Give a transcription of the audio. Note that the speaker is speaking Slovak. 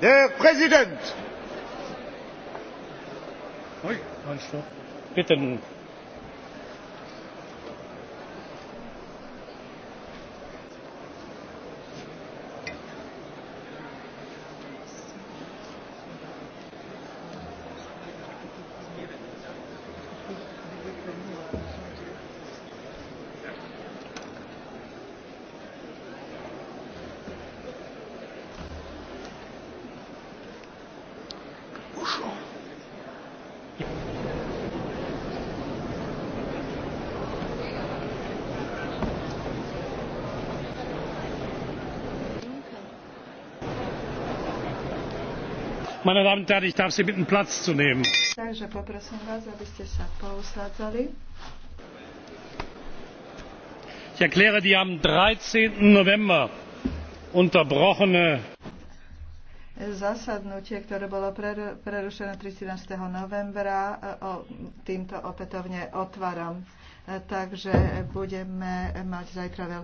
Herr Präsident! Meine Damen und Herren, ich darf Sie bitten, Platz zu nehmen. Ich erkläre die am 13. November unterbrochene zasadnutie, ktoré bolo prerušené 13. novembra, e, týmto opätovne otváram. E, takže budeme mať zajtra veľké.